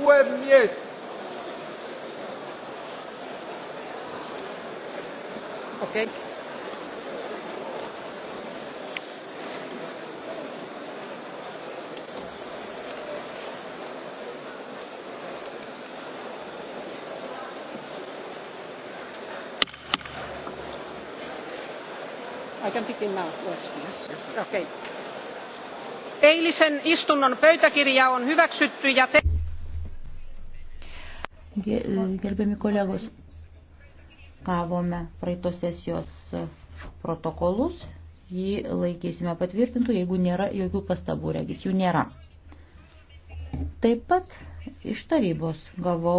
puhemies! Okay. eilisen istunnon pöytäkirja on hyväksytty ja gerbiami kolegos, gavome praeitos sesijos protokolus, jį laikysime patvirtintų, jeigu nėra jokių pastabų, regis jų nėra. Taip pat iš tarybos gavau